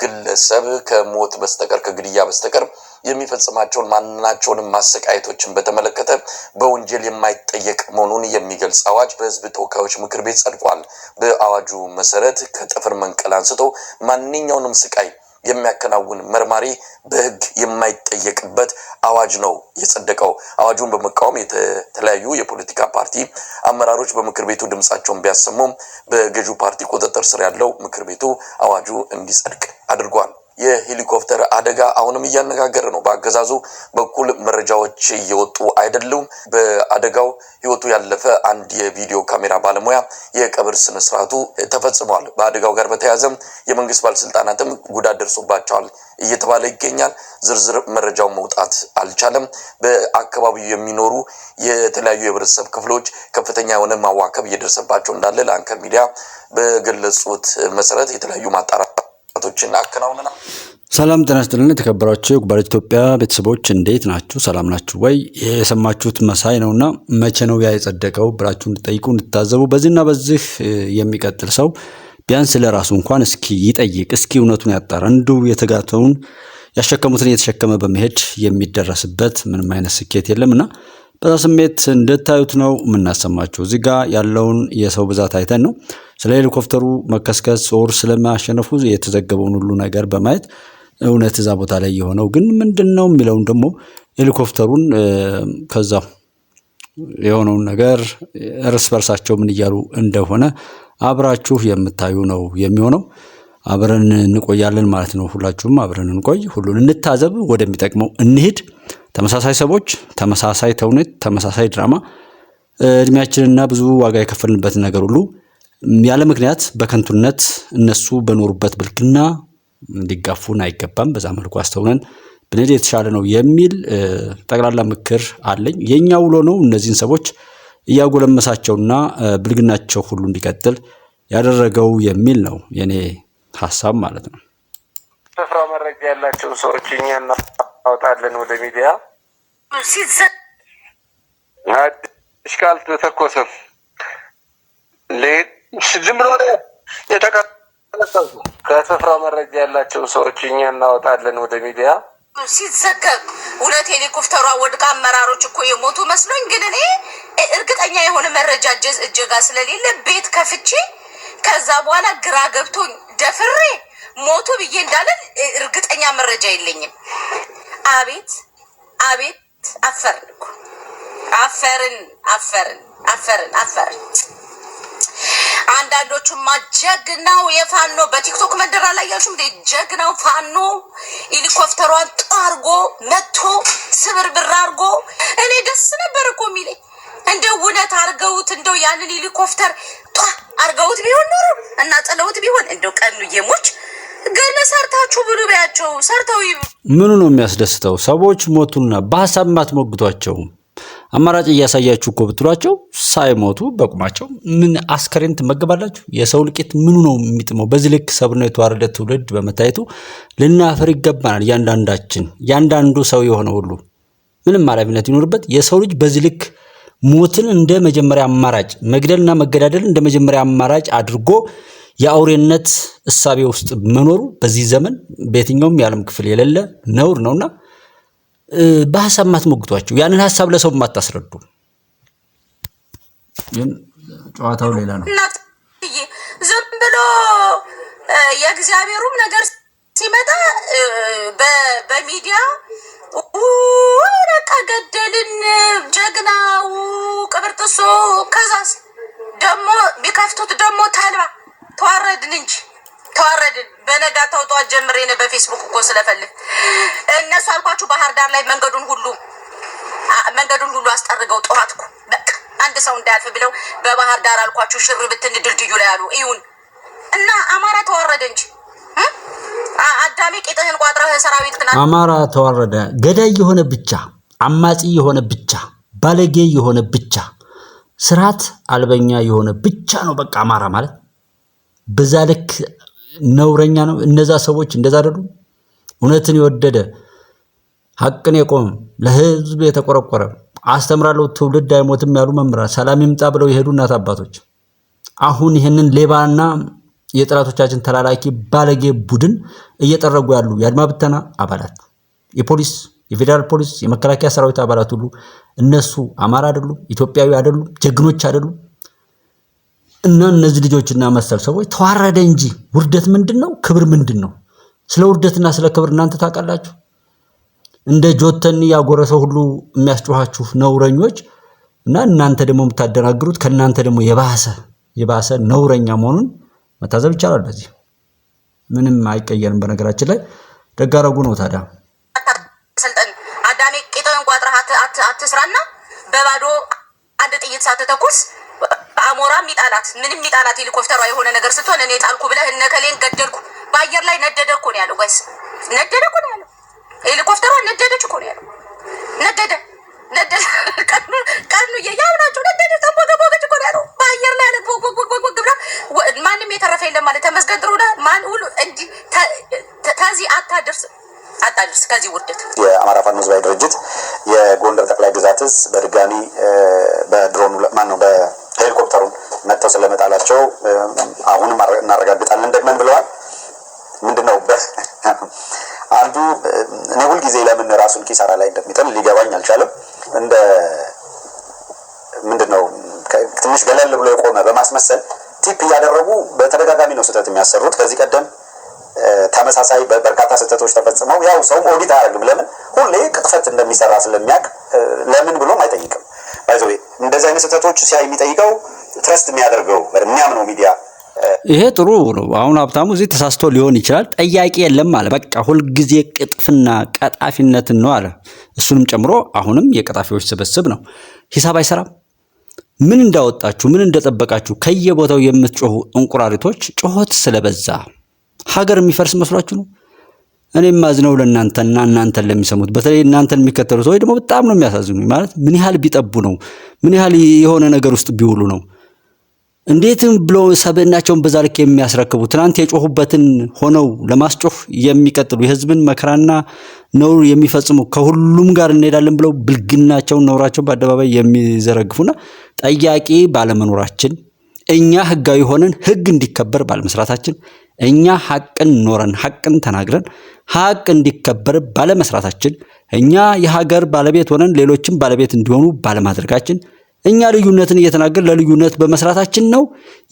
ግለሰብ ከሞት በስተቀር ከግድያ በስተቀር የሚፈጽማቸውን ማናቸውንም ማሰቃየቶችን በተመለከተ በወንጀል የማይጠየቅ መሆኑን የሚገልጽ አዋጅ በሕዝብ ተወካዮች ምክር ቤት ጸድቋል። በአዋጁ መሰረት ከጥፍር መንቀል አንስቶ ማንኛውንም ስቃይ የሚያከናውን መርማሪ በህግ የማይጠየቅበት አዋጅ ነው የጸደቀው። አዋጁን በመቃወም የተለያዩ የፖለቲካ ፓርቲ አመራሮች በምክር ቤቱ ድምፃቸውን ቢያሰሙም በገዢው ፓርቲ ቁጥጥር ስር ያለው ምክር ቤቱ አዋጁ እንዲጸድቅ አድርጓል። የሄሊኮፕተር አደጋ አሁንም እያነጋገረ ነው። በአገዛዙ በኩል መረጃዎች እየወጡ አይደሉም። በአደጋው ህይወቱ ያለፈ አንድ የቪዲዮ ካሜራ ባለሙያ የቀብር ስነስርዓቱ ተፈጽመዋል። በአደጋው ጋር በተያያዘም የመንግስት ባለስልጣናትም ጉዳት ደርሶባቸዋል እየተባለ ይገኛል። ዝርዝር መረጃው መውጣት አልቻለም። በአካባቢው የሚኖሩ የተለያዩ የህብረተሰብ ክፍሎች ከፍተኛ የሆነ ማዋከብ እየደረሰባቸው እንዳለ ለአንከር ሚዲያ በገለጹት መሰረት የተለያዩ ማጣራት ቶችን አከናውንና ሰላም ጤና ይስጥልን። የተከበራችሁ ኢትዮጵያ ቤተሰቦች እንዴት ናችሁ? ሰላም ናችሁ ወይ? የሰማችሁት መሳይ ነውና መቼ ነው ያ የጸደቀው ብላችሁ እንድጠይቁ እንድታዘቡ፣ በዚህና በዚህ የሚቀጥል ሰው ቢያንስ ለራሱ እንኳን እስኪ ይጠይቅ፣ እስኪ እውነቱን ያጣራ። እንዱ የተጋተውን ያሸከሙትን እየተሸከመ በመሄድ የሚደረስበት ምንም አይነት ስኬት የለም እና በዛ ስሜት እንድታዩት ነው የምናሰማቸው እዚህ ጋ ያለውን የሰው ብዛት አይተን ነው ስለ ሄሊኮፕተሩ መከስከስ ኦር ስለማሸነፉ የተዘገበውን ሁሉ ነገር በማየት እውነት እዛ ቦታ ላይ የሆነው ግን ምንድን ነው የሚለውን ደግሞ ሄሊኮፕተሩን ከዛ የሆነውን ነገር እርስ በርሳቸው ምን እያሉ እንደሆነ አብራችሁ የምታዩ ነው የሚሆነው። አብረን እንቆያለን ማለት ነው። ሁላችሁም አብረን እንቆይ፣ ሁሉን እንታዘብ፣ ወደሚጠቅመው እንሂድ። ተመሳሳይ ሰዎች፣ ተመሳሳይ ተውኔት፣ ተመሳሳይ ድራማ እድሜያችንና ብዙ ዋጋ የከፈልንበት ነገር ሁሉ ያለ ምክንያት በከንቱነት እነሱ በኖሩበት ብልግና ሊጋፉን አይገባም። በዛ መልኩ አስተውነን ብንሄድ የተሻለ ነው የሚል ጠቅላላ ምክር አለኝ። የእኛ ውሎ ነው እነዚህን ሰዎች እያጎለመሳቸውና ብልግናቸው ሁሉ እንዲቀጥል ያደረገው የሚል ነው የኔ ሀሳብ ማለት ነው። ስፍራ መረጃ ያላቸው ሰዎች እኛ እናወጣለን ወደ ሚዲያ አዲስ ካልተተኮሰም ዝም ብሎ ከስፍራው መረጃ ያላቸው ሰዎች እኛ እናወጣለን ወደ ሚዲያ ሲዘገብ ሁለት ሄሊኮፕተሯ ወድቃ አመራሮች እኮ የሞቱ መስሎኝ፣ ግን እኔ እርግጠኛ የሆነ መረጃ እጀጋ ስለሌለ ቤት ከፍቼ ከዛ በኋላ ግራ ገብቶኝ ደፍሬ ሞቱ ብዬ እንዳለን እርግጠኛ መረጃ የለኝም። አቤት አቤት አፈርን እኮ አፈርን አፈርን አፈርን አፈርን። አንዳንዶቹማ ጀግናው የፋኖ በቲክቶክ መንደር አላያችሁ እንዴ? ጀግናው ፋኖ ሄሊኮፕተሯን ጦ መጥቶ መቶ ስብርብር አርጎ እኔ ደስ ነበር እኮ የሚለኝ እንደው እውነት አርገውት እንደው ያንን ሄሊኮፕተር ጧ አርገውት ቢሆን ኖሮ እና ጥለውት ቢሆን እንደው ቀኑ የሞች ግን ሰርታችሁ ብሉ ቢያቸው ሰርተው ምኑ ነው የሚያስደስተው? ሰዎች ሞቱና በሀሳብ ማትሞግቷቸው አማራጭ እያሳያችሁ እኮ ብትሏቸው ሳይሞቱ በቁማቸው ምን አስከሬን ትመገባላችሁ? የሰው ልቄት ምኑ ነው የሚጥመው? በዚህ ልክ ሰብና የተዋረደ ትውልድ በመታየቱ ልናፈር ይገባናል። እያንዳንዳችን እያንዳንዱ ሰው የሆነ ሁሉ ምንም ኃላፊነት ይኖርበት። የሰው ልጅ በዚህ ልክ ሞትን እንደ መጀመሪያ አማራጭ መግደልና መገዳደል እንደ መጀመሪያ አማራጭ አድርጎ የአውሬነት እሳቤ ውስጥ መኖሩ በዚህ ዘመን በየትኛውም የዓለም ክፍል የሌለ ነውር ነውና በሀሳብ ማትሞግቷቸው ያንን ሀሳብ ለሰው ማታስረዱ ጨዋታው ሌላ ነው። ዝም ብሎ የእግዚአብሔሩም ነገር ሲመጣ በሚዲያ በቃ ገደልን፣ ጀግናው ቅብርጥሶ ከዛስ ደግሞ ቢከፍቱት ደግሞ ተልባ ተዋረድን እንጂ ተዋረድን። በነጋ ተውጧ ጀምሬ ነው በፌስቡክ እኮ ስለፈልግ እነሱ አልኳችሁ ባህር ዳር ላይ መንገዱን ሁሉ መንገዱን ሁሉ አስጠርገው ጠዋትኩ። በቃ አንድ ሰው እንዳያልፍ ብለው በባህር ዳር አልኳችሁ ሽር ብትን ድልድዩ ላይ አሉ። ይሁን እና አማራ ተዋረደ እንጂ አዳሜ ቄጥህን ቋጥረህ ሰራዊት ክና አማራ ተዋረደ። ገዳይ የሆነ ብቻ፣ አማጺ የሆነ ብቻ፣ ባለጌ የሆነ ብቻ፣ ስርዓት አልበኛ የሆነ ብቻ ነው። በቃ አማራ ማለት በዛ ልክ ነውረኛ ነው። እነዛ ሰዎች እንደዛ አደሉ። እውነትን የወደደ ሀቅን የቆመ ለህዝብ የተቆረቆረ አስተምራለሁ ትውልድ አይሞትም ያሉ መምህራን፣ ሰላም ይምጣ ብለው የሄዱ እናት አባቶች አሁን ይህንን ሌባና የጥላቶቻችን ተላላኪ ባለጌ ቡድን እየጠረጉ ያሉ የአድማ ብተና አባላት፣ የፖሊስ የፌዴራል ፖሊስ፣ የመከላከያ ሰራዊት አባላት ሁሉ እነሱ አማራ አይደሉም፣ ኢትዮጵያዊ አይደሉም፣ ጀግኖች አይደሉም። እና እነዚህ ልጆችና መሰል ሰዎች ተዋረደ እንጂ ውርደት ምንድን ነው? ክብር ምንድን ነው? ስለ ውርደትና ስለ ክብር እናንተ ታውቃላችሁ? እንደ ጆተኒ ያጎረሰ ሁሉ የሚያስጮኋችሁ ነውረኞች እና እናንተ ደግሞ የምታደናግሩት ከእናንተ ደግሞ የባሰ የባሰ ነውረኛ መሆኑን መታዘብ ይቻላል። በዚህ ምንም አይቀየርም። በነገራችን ላይ ደጋረጉ ነው ታዲያ አዳሜ ቄጠን ቋጥረህ አትስራና በባዶ አንድ ጥይት ሳትተኩስ አሞራ ሚጣላት ምንም ሚጣላት ሄሊኮፕተሯ የሆነ ነገር ስትሆን እኔ ጣልኩ ብለህ እነ ከሌን ገደልኩ በአየር ላይ ነደደ እኮ ነው ያለው። ወይስ ነደደ እኮ ነው ያለው። ሄሊኮፕተሯ ነደደች እኮ ነው ያለው። ነደደ ነደደ ቀኑ ያው ናቸው። ነደደ ተንቦገቦገች እኮ ነው ያለው። በአየር ላይ ያለ ቦጎጎጎጎ ብላ ማንም የተረፈ የለም ማለት ተመስገን ጥሩ ነህ። ማን ሁሉ እንዲህ ተዚህ አታደርስ አጣልስ ከዚህ ውርደት የአማራ ፋኖ ህዝባዊ ድርጅት የጎንደር ጠቅላይ ግዛትስ በድጋሚ በድሮኑ ማን ነው በ ሄሊኮፕተሩን መጥተው ስለመጣላቸው አሁንም እናረጋግጣለን ደግመን ብለዋል። ምንድን ነው አንዱ እኔ ሁልጊዜ ለምን ራሱን ኪሳራ ላይ እንደሚጥል ሊገባኝ አልቻለም። እንደ ምንድን ነው ትንሽ ገለል ብሎ የቆመ በማስመሰል ቲፕ እያደረጉ በተደጋጋሚ ነው ስህተት የሚያሰሩት። ከዚህ ቀደም ተመሳሳይ በርካታ ስህተቶች ተፈጽመው ያው ሰውም ኦዲት አያደርግም። ለምን ሁሌ ቅጥፈት እንደሚሰራ ስለሚያውቅ ለምን ብሎም አይጠይቅም። ባይዘ እንደዚህ አይነት ስህተቶች ሲያይ የሚጠይቀው ትረስት የሚያደርገው የሚያምነው ሚዲያ ይሄ ጥሩ ነው። አሁን ሀብታሙ እዚህ ተሳስቶ ሊሆን ይችላል፣ ጠያቂ የለም አለ። በቃ ሁልጊዜ ቅጥፍና ቀጣፊነትን ነው አለ። እሱንም ጨምሮ አሁንም የቀጣፊዎች ስብስብ ነው። ሂሳብ አይሰራም። ምን እንዳወጣችሁ ምን እንደጠበቃችሁ ከየቦታው የምትጮሁ እንቁራሪቶች ጩኸት ስለበዛ ሀገር የሚፈርስ መስሏችሁ ነው። እኔም ማዝነው ለእናንተና እናንተን ለሚሰሙት በተለይ እናንተን የሚከተሉ ሰዎች ደግሞ በጣም ነው የሚያሳዝኑ። ማለት ምን ያህል ቢጠቡ ነው? ምን ያህል የሆነ ነገር ውስጥ ቢውሉ ነው? እንዴትም ብሎ ሰብእናቸውን በዛ ልክ የሚያስረክቡ ትናንት የጮሁበትን ሆነው ለማስጮህ የሚቀጥሉ የህዝብን መከራና ነውር የሚፈጽሙ ከሁሉም ጋር እንሄዳለን ብለው ብልግናቸውን፣ ነውራቸውን በአደባባይ የሚዘረግፉና ጠያቂ ባለመኖራችን እኛ ህጋዊ ሆነን ህግ እንዲከበር ባለመስራታችን እኛ ሐቅን ኖረን ሐቅን ተናግረን ሐቅ እንዲከበር ባለመስራታችን እኛ የሀገር ባለቤት ሆነን ሌሎችም ባለቤት እንዲሆኑ ባለማድረጋችን እኛ ልዩነትን እየተናገር ለልዩነት በመስራታችን ነው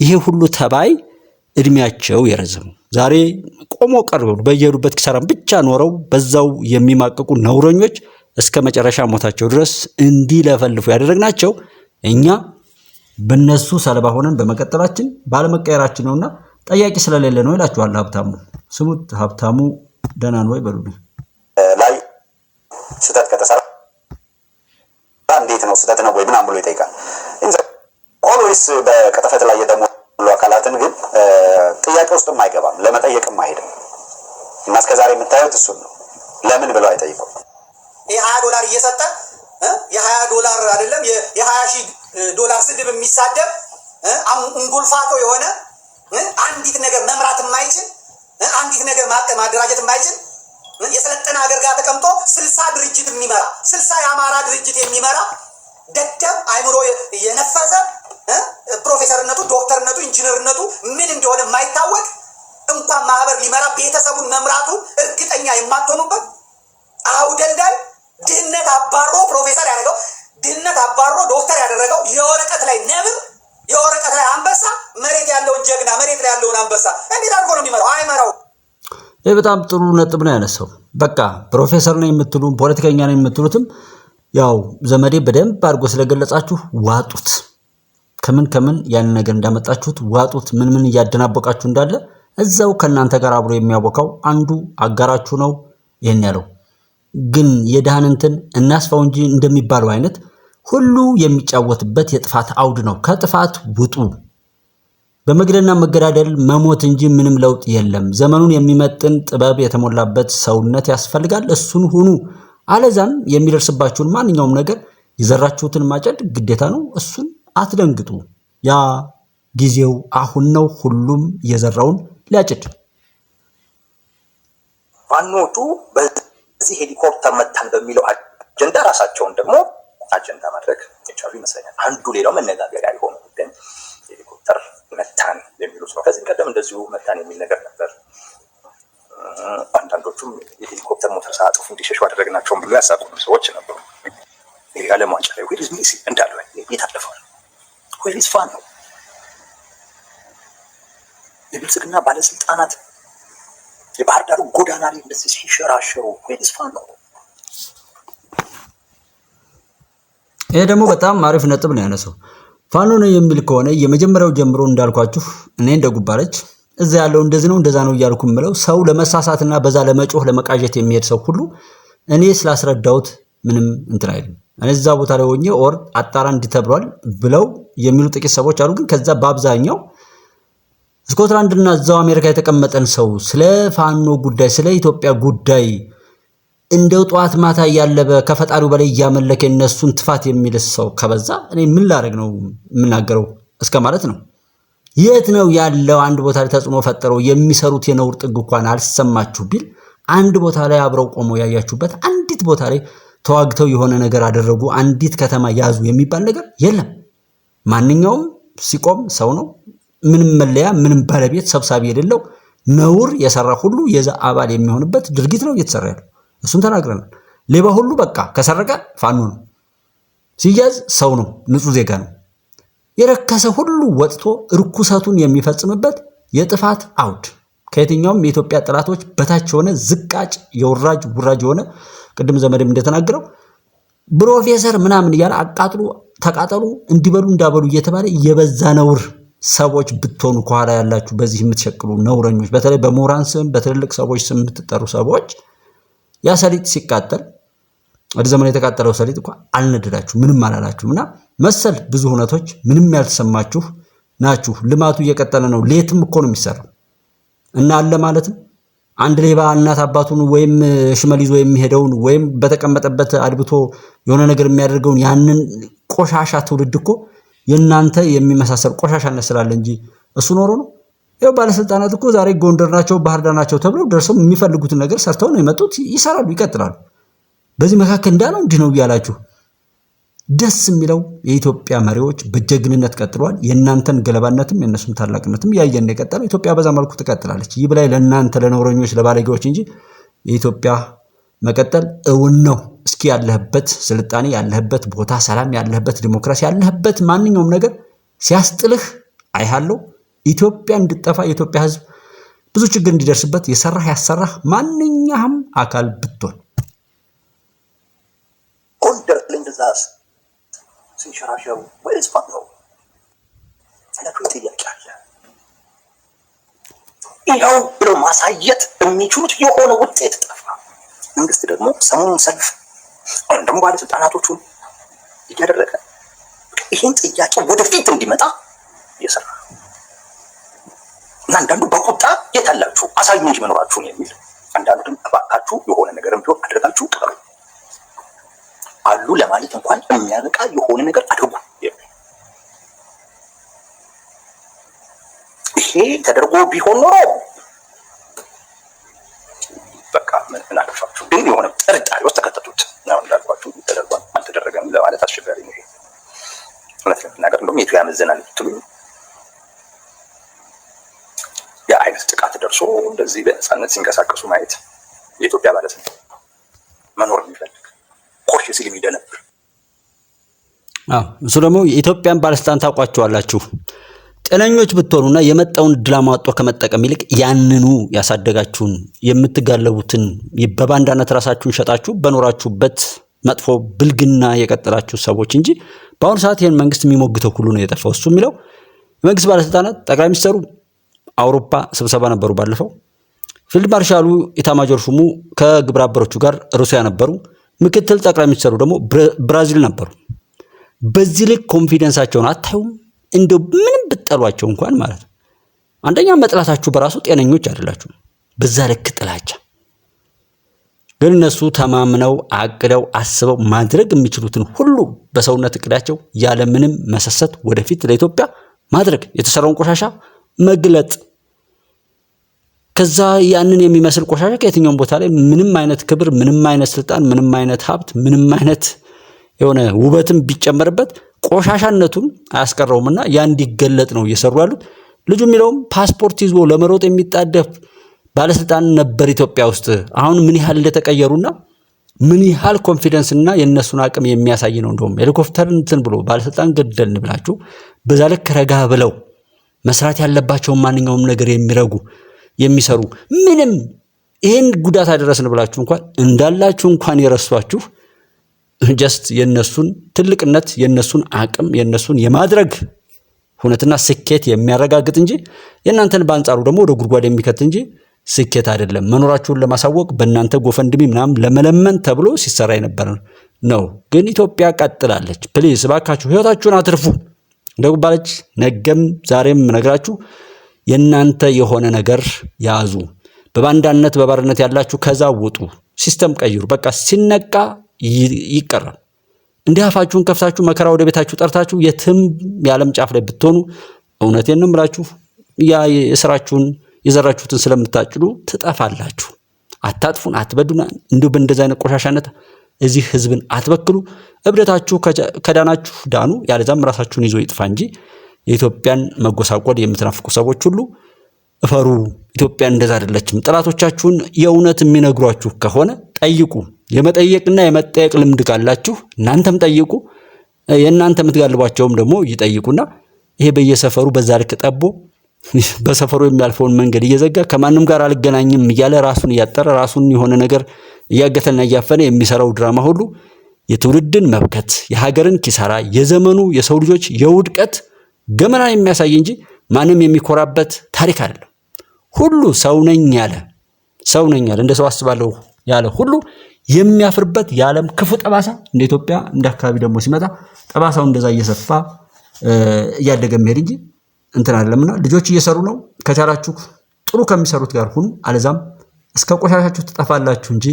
ይሄ ሁሉ ተባይ እድሜያቸው የረዘሙ ዛሬ ቆሞ ቀር በየሄዱበት ኪሳራን ብቻ ኖረው በዛው የሚማቀቁ ነውረኞች እስከ መጨረሻ ሞታቸው ድረስ እንዲለፈልፉ ያደረግናቸው እኛ በነሱ ሰለባ ሆነን በመቀጠላችን ባለመቀየራችን ነውና ጠያቂ ስለሌለ ነው ይላችኋል ሀብታሙ። ስሙት ሀብታሙ ደህና ነው ወይ በሉልኝ። ላይ ስህተት ከተሰራ እንዴት ነው ስህተት ነው ወይ ምናምን ብሎ ይጠይቃል። ኦልዌይስ በቀጠፈት ላይ የተሞሉ አካላትን ግን ጥያቄ ውስጥም አይገባም፣ ለመጠየቅም አይሄድም እና እስከዛሬ የምታዩት እሱን ነው። ለምን ብለው አይጠይቁም። የሀያ ዶላር እየሰጠ የሀያ ዶላር አይደለም የሀያ ሺህ ዶላር ስድብ የሚሳደብ እንጉልፋቶ የሆነ አንዲት ነገር መምራት የማይችል አንዲት ነገር ማደራጀት የማይችል የሰለጠነ ሀገር ጋር ተቀምጦ ስልሳ ድርጅት የሚመራ ስልሳ የአማራ ድርጅት የሚመራ ደደብ አይምሮ የነፈሰ ፕሮፌሰርነቱ፣ ዶክተርነቱ፣ ኢንጂነርነቱ ምን እንደሆነ የማይታወቅ እንኳን ማህበር ሊመራ ቤተሰቡን መምራቱ እርግጠኛ የማትሆኑበት አውደልዳይ ድህነት አባሮ ፕሮፌሰር ያደረገው ድህነት አባሮ ዶክተር ያደረገው የወረቀት ላይ ነብር የወረቀት ላይ አንበሳ መሬት ያለውን ጀግና መሬት ላይ ያለውን አንበሳ እንዴት አድርጎ ነው የሚመራው? አይመራው። ይህ በጣም ጥሩ ነጥብ ነው ያነሳው። በቃ ፕሮፌሰር ነው የምትሉ ፖለቲከኛ ነው የምትሉትም ያው ዘመዴ በደንብ አድርጎ ስለገለጻችሁ ዋጡት። ከምን ከምን ያን ነገር እንዳመጣችሁት ዋጡት። ምን ምን እያደናበቃችሁ እንዳለ እዛው ከእናንተ ጋር አብሮ የሚያቦካው አንዱ አጋራችሁ ነው። ይህን ያለው ግን የድሃን እንትን እናስፋው እንጂ እንደሚባለው አይነት ሁሉ የሚጫወትበት የጥፋት አውድ ነው። ከጥፋት ውጡ። በመግደልና መገዳደል መሞት እንጂ ምንም ለውጥ የለም። ዘመኑን የሚመጥን ጥበብ የተሞላበት ሰውነት ያስፈልጋል። እሱን ሁኑ። አለዛም የሚደርስባችሁን ማንኛውም ነገር የዘራችሁትን ማጨድ ግዴታ ነው። እሱን አትደንግጡ። ያ ጊዜው አሁን ነው። ሁሉም የዘራውን ሊያጭድ። ፋኖቹ በዚህ ሄሊኮፕተር መታን በሚለው አጀንዳ ራሳቸውን ደግሞ አጀንዳ ማድረግ የቻሉ ይመስለኛል። አንዱ ሌላው መነጋገሪያ የሆነ ጉዳይ ሄሊኮፕተር መታን የሚሉት ነው። ከዚህ ቀደም እንደዚሁ መታን የሚል ነገር ነበር። አንዳንዶቹም የሄሊኮፕተር ሞተር ሳጥፉ እንዲሸሹ አደረግናቸውን ብሎ ያሳቁ ሰዎች ነበሩ። የዓለም ዋንጫ ላይ ዌሪዝ ሜሲ እንዳለ የታለፈዋል። ዌሪዝ ፋን ነው የብልጽግና ባለስልጣናት የባህር ዳሩ ጎዳና ላይ እንደዚህ ሲሸራሸሩ ዌሪዝ ፋን ነው ይሄ ደግሞ በጣም አሪፍ ነጥብ ነው ያነሰው። ፋኖ ነው የሚል ከሆነ የመጀመሪያው ጀምሮ እንዳልኳችሁ እኔ እንደጉባለች እዛ ያለው እንደዚህ ነው እንደዛ ነው እያልኩ ምለው ሰው ለመሳሳትና በዛ ለመጮህ ለመቃዠት የሚሄድ ሰው ሁሉ እኔ ስላስረዳሁት ምንም እንትን አይልም። እኔ እዛ ቦታ ላይ ሆኜ ኦር አጣራ እንዲህ ተብሏል ብለው የሚሉ ጥቂት ሰዎች አሉ። ግን ከዛ በአብዛኛው ስኮትላንድና እዛው አሜሪካ የተቀመጠን ሰው ስለ ፋኖ ጉዳይ ስለ ኢትዮጵያ ጉዳይ እንደው ጠዋት ማታ እያለበ ከፈጣሪው በላይ እያመለከ የነሱን ትፋት የሚል ሰው ከበዛ እኔ ምን ላደርግ ነው የምናገረው እስከ ማለት ነው። የት ነው ያለው? አንድ ቦታ ላይ ተጽዕኖ ፈጠረው የሚሰሩት የነውር ጥግ እንኳን አልሰማችሁ ቢል አንድ ቦታ ላይ አብረው ቆመው ያያችሁበት፣ አንዲት ቦታ ላይ ተዋግተው የሆነ ነገር አደረጉ፣ አንዲት ከተማ ያዙ የሚባል ነገር የለም። ማንኛውም ሲቆም ሰው ነው። ምንም መለያ፣ ምንም ባለቤት፣ ሰብሳቢ የሌለው ነውር የሰራ ሁሉ የዛ አባል የሚሆንበት ድርጊት ነው እየተሰራ ያለው። እሱን ተናግረናል። ሌባ ሁሉ በቃ ከሰረቀ ፋኖ ነው፣ ሲያዝ ሰው ነው፣ ንጹህ ዜጋ ነው። የረከሰ ሁሉ ወጥቶ ርኩሰቱን የሚፈጽምበት የጥፋት አውድ ከየትኛውም የኢትዮጵያ ጥላቶች በታች የሆነ ዝቃጭ የውራጅ ውራጅ የሆነ ቅድም ዘመድም እንደተናገረው ፕሮፌሰር ምናምን እያለ አቃጥሉ ተቃጠሉ እንዲበሉ እንዳበሉ እየተባለ የበዛ ነውር ሰዎች ብትሆኑ ከኋላ ያላችሁ በዚህ የምትሸቅሉ ነውረኞች፣ በተለይ በምሁራን ስም በትልልቅ ሰዎች ስም የምትጠሩ ሰዎች ያ ሰሊጥ ሲቃጠል ወደ ዘመን የተቃጠለው ሰሊጥ እኳ አልነደዳችሁም፣ ምንም አላላችሁም። እና መሰል ብዙ እውነቶች ምንም ያልተሰማችሁ ናችሁ። ልማቱ እየቀጠለ ነው። ሌትም እኮ ነው የሚሰራው እና አለ ማለትም አንድ ሌባ እናት አባቱን ወይም ሽመል ይዞ የሚሄደውን ወይም በተቀመጠበት አድብቶ የሆነ ነገር የሚያደርገውን ያንን ቆሻሻ ትውልድ እኮ የእናንተ የሚመሳሰል ቆሻሻነት ስላለ እንጂ እሱ ኖሮ ነው ይኸው ባለስልጣናት እኮ ዛሬ ጎንደር ናቸው ባህር ዳር ናቸው ተብለው ደርሰው የሚፈልጉትን ነገር ሰርተው ነው የመጡት። ይሰራሉ፣ ይቀጥላሉ። በዚህ መካከል እንዳ ነው እንዲህ ነው እያላችሁ ደስ የሚለው የኢትዮጵያ መሪዎች በጀግንነት ቀጥለዋል። የእናንተን ገለባነትም የእነሱን ታላቅነትም ያየን የቀጠለው ኢትዮጵያ በዛ መልኩ ትቀጥላለች። ይህ ብላይ ለእናንተ ለነውረኞች ለባለጌዎች እንጂ የኢትዮጵያ መቀጠል እውን ነው። እስኪ ያለህበት ስልጣኔ፣ ያለህበት ቦታ፣ ሰላም ያለህበት ዲሞክራሲ፣ ያለህበት ማንኛውም ነገር ሲያስጥልህ አይሃለው። ኢትዮጵያ እንድጠፋ የኢትዮጵያ ህዝብ ብዙ ችግር እንዲደርስበት የሰራህ ያሰራህ ማንኛህም አካል ብትሆን ጎንደር ላይ እንደዛ ሲንሸራሸሩ ወይስ ጥያቄ አለ። ይኸው ብለው ማሳየት የሚችሉት የሆነ ውጤት ጠፋ። መንግስት ደግሞ ሰሞኑን ሰልፍ አሁን ደግሞ ባለስልጣናቶቹን እያደረገ ይህን ጥያቄ ወደፊት እንዲመጣ እየሰራ አንዳንዱ በቁጣ የት አላችሁ አሳዩ እንጂ መኖራችሁን የሚል አንዳንዱ እባካችሁ የሆነ ነገርም ቢሆን አድርጋችሁ ቅጠሩ አሉ ለማለት እንኳን የሚያበቃ የሆነ ነገር አድርጉ። ይሄ ተደርጎ ቢሆን ኖሮ በቃ ምን አለፋችሁ። ግን የሆነ ጥርጣሬ ውስጥ ተከተቱት። አሁን እንዳልኳችሁ ተደርጓል አልተደረገም ለማለት አስቸጋሪ ነው። እውነት ለመናገር እንደውም የቱ ያመዘናል ትሉኝ ደርሶ እንደዚህ በነፃነት ሲንቀሳቀሱ ማየት የኢትዮጵያ ባለስልጣን መኖር የሚፈልግ ኮርሽ ሲል የሚደነብር እሱ ደግሞ የኢትዮጵያን ባለስልጣን ታውቋቸዋላችሁ። ጤነኞች ብትሆኑና የመጣውን ድላ ማጦ ከመጠቀም ይልቅ ያንኑ ያሳደጋችሁን የምትጋለቡትን በባንዳነት ራሳችሁን ሸጣችሁ በኖራችሁበት መጥፎ ብልግና የቀጠላችሁ ሰዎች እንጂ በአሁኑ ሰዓት ይህን መንግስት የሚሞግተው ሁሉ ነው የጠፋው። እሱ የሚለው የመንግስት ባለስልጣናት ጠቅላይ ሚኒስትሩ አውሮፓ ስብሰባ ነበሩ። ባለፈው ፊልድ ማርሻሉ ኢታማጆር ሹሙ ከግብረ አበሮቹ ጋር ሩሲያ ነበሩ። ምክትል ጠቅላይ ሚኒስትሩ ደግሞ ብራዚል ነበሩ። በዚህ ልክ ኮንፊደንሳቸውን አታዩም? እንደው ምንም ብጠሏቸው እንኳን ማለት ነው። አንደኛ መጥላታችሁ በራሱ ጤነኞች አይደላችሁም። በዛ ልክ ጥላቻ ግን እነሱ ተማምነው አቅደው አስበው ማድረግ የሚችሉትን ሁሉ በሰውነት እቅዳቸው ያለምንም መሰሰት ወደፊት ለኢትዮጵያ ማድረግ የተሰራውን ቆሻሻ መግለጥ ከዛ ያንን የሚመስል ቆሻሻ ከየትኛውም ቦታ ላይ ምንም አይነት ክብር፣ ምንም አይነት ስልጣን፣ ምንም አይነት ሀብት፣ ምንም አይነት የሆነ ውበትም ቢጨመርበት ቆሻሻነቱን አያስቀረውምና ያ እንዲገለጥ ነው እየሰሩ ያሉት። ልጁ የሚለውም ፓስፖርት ይዞ ለመሮጥ የሚጣደፍ ባለስልጣን ነበር ኢትዮጵያ ውስጥ። አሁን ምን ያህል እንደተቀየሩና ምን ያህል ኮንፊደንስ እና የእነሱን አቅም የሚያሳይ ነው። እንደውም ሄሊኮፕተር እንትን ብሎ ባለስልጣን ገደልን ብላችሁ በዛ ልክ ረጋ ብለው መስራት ያለባቸውን ማንኛውም ነገር የሚረጉ የሚሰሩ ምንም ይህን ጉዳት አደረስን ብላችሁ እንኳን እንዳላችሁ እንኳን የረሷችሁ ጀስት የነሱን ትልቅነት የነሱን አቅም የነሱን የማድረግ እውነትና ስኬት የሚያረጋግጥ እንጂ የእናንተን በአንጻሩ ደግሞ ወደ ጉድጓድ የሚከት እንጂ ስኬት አይደለም። መኖራችሁን ለማሳወቅ በእናንተ ጎፈንድሚ ምናምን ለመለመን ተብሎ ሲሰራ የነበረ ነው። ግን ኢትዮጵያ ቀጥላለች። ፕሊዝ እባካችሁ ህይወታችሁን አትርፉ። እንደ ጉባለች ነገም ዛሬም ነግራችሁ የእናንተ የሆነ ነገር ያዙ። በባንዳነት በባርነት ያላችሁ ከዛ ውጡ። ሲስተም ቀይሩ። በቃ ሲነቃ ይቀራል። እንዲህ አፋችሁን ከፍታችሁ መከራ ወደ ቤታችሁ ጠርታችሁ የትም የዓለም ጫፍ ላይ ብትሆኑ እውነቴን ነው የምላችሁ ያ የስራችሁን የዘራችሁትን ስለምታጭዱ ትጠፋላችሁ። አታጥፉን፣ አትበዱን እንዲሁ በእንደዚ አይነት ቆሻሻነት እዚህ ህዝብን አትበክሉ። እብደታችሁ ከዳናችሁ ዳኑ፣ ያለዛም ራሳችሁን ይዞ ይጥፋ እንጂ የኢትዮጵያን መጎሳቆል የምትናፍቁ ሰዎች ሁሉ እፈሩ። ኢትዮጵያ እንደዛ አይደለችም። ጠላቶቻችሁን የእውነት የሚነግሯችሁ ከሆነ ጠይቁ። የመጠየቅና የመጠየቅ ልምድ ካላችሁ እናንተም ጠይቁ። የእናንተ የምትጋልቧቸውም ደግሞ ይጠይቁና ይሄ በየሰፈሩ በዛ ልክ ጠቦ በሰፈሩ የሚያልፈውን መንገድ እየዘጋ ከማንም ጋር አልገናኝም እያለ ራሱን እያጠረ ራሱን የሆነ ነገር እያገተና እያፈነ የሚሰራው ድራማ ሁሉ የትውልድን መብከት፣ የሀገርን ኪሳራ፣ የዘመኑ የሰው ልጆች የውድቀት ገመና የሚያሳይ እንጂ ማንም የሚኮራበት ታሪክ አይደለም። ሁሉ ሰው ነኝ ያለ ሰው ነኝ ያለ እንደ ሰው አስባለሁ ያለ ሁሉ የሚያፍርበት የዓለም ክፉ ጠባሳ እንደ ኢትዮጵያ እንደ አካባቢ ደግሞ ሲመጣ ጠባሳው እንደዛ እየሰፋ እያደገ መሄድ እንጂ እንትን አለምና ልጆች እየሰሩ ነው። ከቻላችሁ ጥሩ ከሚሰሩት ጋር ሁኑ፣ አለዛም እስከ ቆሻሻችሁ ትጠፋላችሁ እንጂ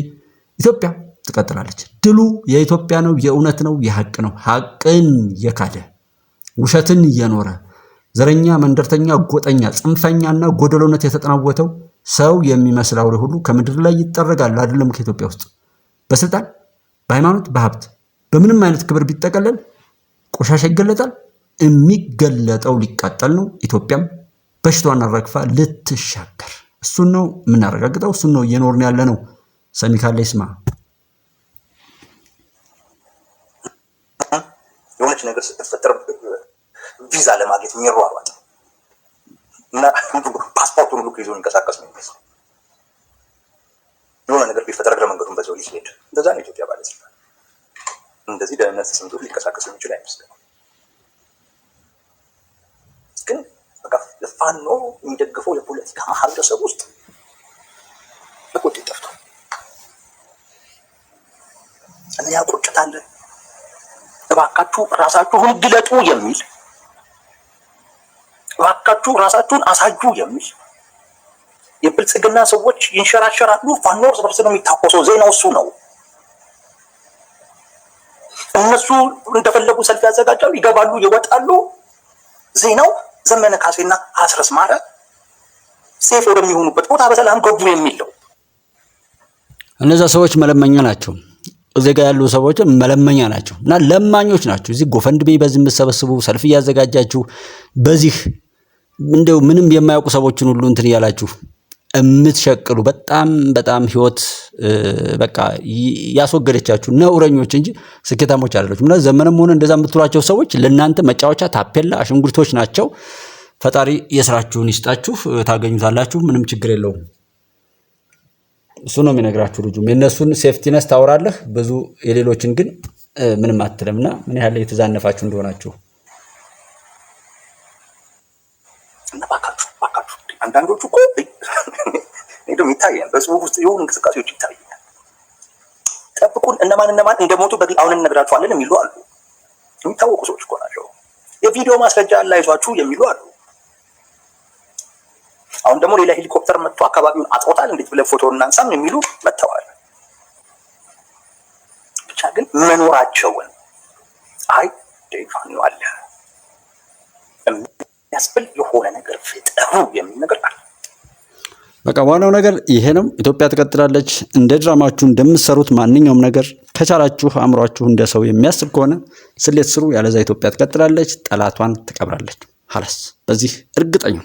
ኢትዮጵያ ትቀጥላለች። ድሉ የኢትዮጵያ ነው። የእውነት ነው። የሀቅ ነው። ሀቅን የካደ ውሸትን እየኖረ ዘረኛ፣ መንደርተኛ፣ ጎጠኛ፣ ጽንፈኛና ጎደሎነት የተጠናወተው ሰው የሚመስል አውሬ ሁሉ ከምድር ላይ ይጠረጋል። አይደለም ከኢትዮጵያ ውስጥ በስልጣን በሃይማኖት በሀብት በምንም አይነት ክብር ቢጠቀለል ቆሻሻ ይገለጣል። የሚገለጠው ሊቃጠል ነው። ኢትዮጵያም በሽቷና ረግፋ ልትሻገር እሱን ነው የምናረጋግጠው። እሱን ነው እየኖርን ያለ ነው። ሰሚ ካለ ይስማ። የሆነች ነገር ስትፈጠር ቪዛ ለማግኘት የሚሯሯጥ እና ፓስፖርቱን ሁሉ ይዞ የሚንቀሳቀስ ነው የሚመስለው። የሆነ ነገር ቢፈጠር መንገዱን በዛው ሊሄድ እንደዛ ነው። ኢትዮጵያ ባለስልጣን እንደዚህ ደህንነት ተሰምቶ ሊንቀሳቀስ የሚችል አይመስልም። ግን በቃ ፋኖ የሚደግፈው የፖለቲካ ማህበረሰብ ውስጥ በቁጤ ጠፍቶ ያ ቁጭት እባካችሁ ራሳችሁን ግለጡ የሚል እባካችሁ ራሳችሁን አሳዩ የሚል የብልጽግና ሰዎች ይንሸራሸራሉ። ፋኖ እርስ በርስ ነው የሚታኮሰው። ዜናው እሱ ነው። እነሱ እንደፈለጉ ሰልፍ ያዘጋጃሉ፣ ይገባሉ፣ ይወጣሉ። ዜናው ዘመነ ካሴና አስረስ ማረ ሴፍ ወደሚሆኑበት ቦታ በሰላም ገቡ የሚለው እነዛ ሰዎች መለመኛ ናቸው። እዚህ ጋር ያሉ ሰዎች መለመኛ ናቸው እና ለማኞች ናቸው። እዚህ ጎፈንድሜ በዚህ የምትሰበስቡ ሰልፍ እያዘጋጃችሁ በዚህ እንደው ምንም የማያውቁ ሰዎችን ሁሉ እንትን እያላችሁ የምትሸቅሉ በጣም በጣም ህይወት በቃ ያስወገደቻችሁ ነውረኞች እንጂ ስኬታሞች አይደለችም። ምና ዘመንም ሆነ እንደዛ የምትሏቸው ሰዎች ለእናንተ መጫወቻ ታፔላ አሽንጉርቶች ናቸው። ፈጣሪ የስራችሁን ይስጣችሁ። ታገኙታላችሁ። ምንም ችግር የለውም። እሱ ነው የሚነግራችሁ ልጁም። የእነሱን ሴፍቲነስ ታወራለህ ብዙ የሌሎችን ግን ምንም አትልም። እና ምን ያህል የተዛነፋችሁ እንደሆናችሁ አንዳንዶቹ እኮ እንደውም ይታያል፣ በጽሁፍ ውስጥ የሆኑ እንቅስቃሴዎች ይታያል። ጠብቁን፣ እነማን እነማን እንደሞቱ በግ አሁን እነግራችኋለን የሚሉ አሉ። የሚታወቁ ሰዎች እኮ ናቸው። የቪዲዮ ማስረጃ አላይዟችሁ የሚሉ አሉ። አሁን ደግሞ ሌላ ሄሊኮፕተር መጥቶ አካባቢውን አጥቆታል፣ እንዴት ብለን ፎቶ እናንሳም የሚሉ መጥተዋል። ብቻ ግን መኖራቸውን አይ ፋኖ አለ የሚያስብል የሆነ ነገር ፍጠሩ የሚል ነገር አለ። በቃ ዋናው ነገር ይሄ ነው። ኢትዮጵያ ትቀጥላለች። እንደ ድራማችሁ እንደምትሰሩት ማንኛውም ነገር ከቻላችሁ አእምሯችሁ እንደ ሰው የሚያስብ ከሆነ ስሌት ስሩ። ያለዛ ኢትዮጵያ ትቀጥላለች፣ ጠላቷን ትቀብራለች። ሀላስ በዚህ እርግጠኛ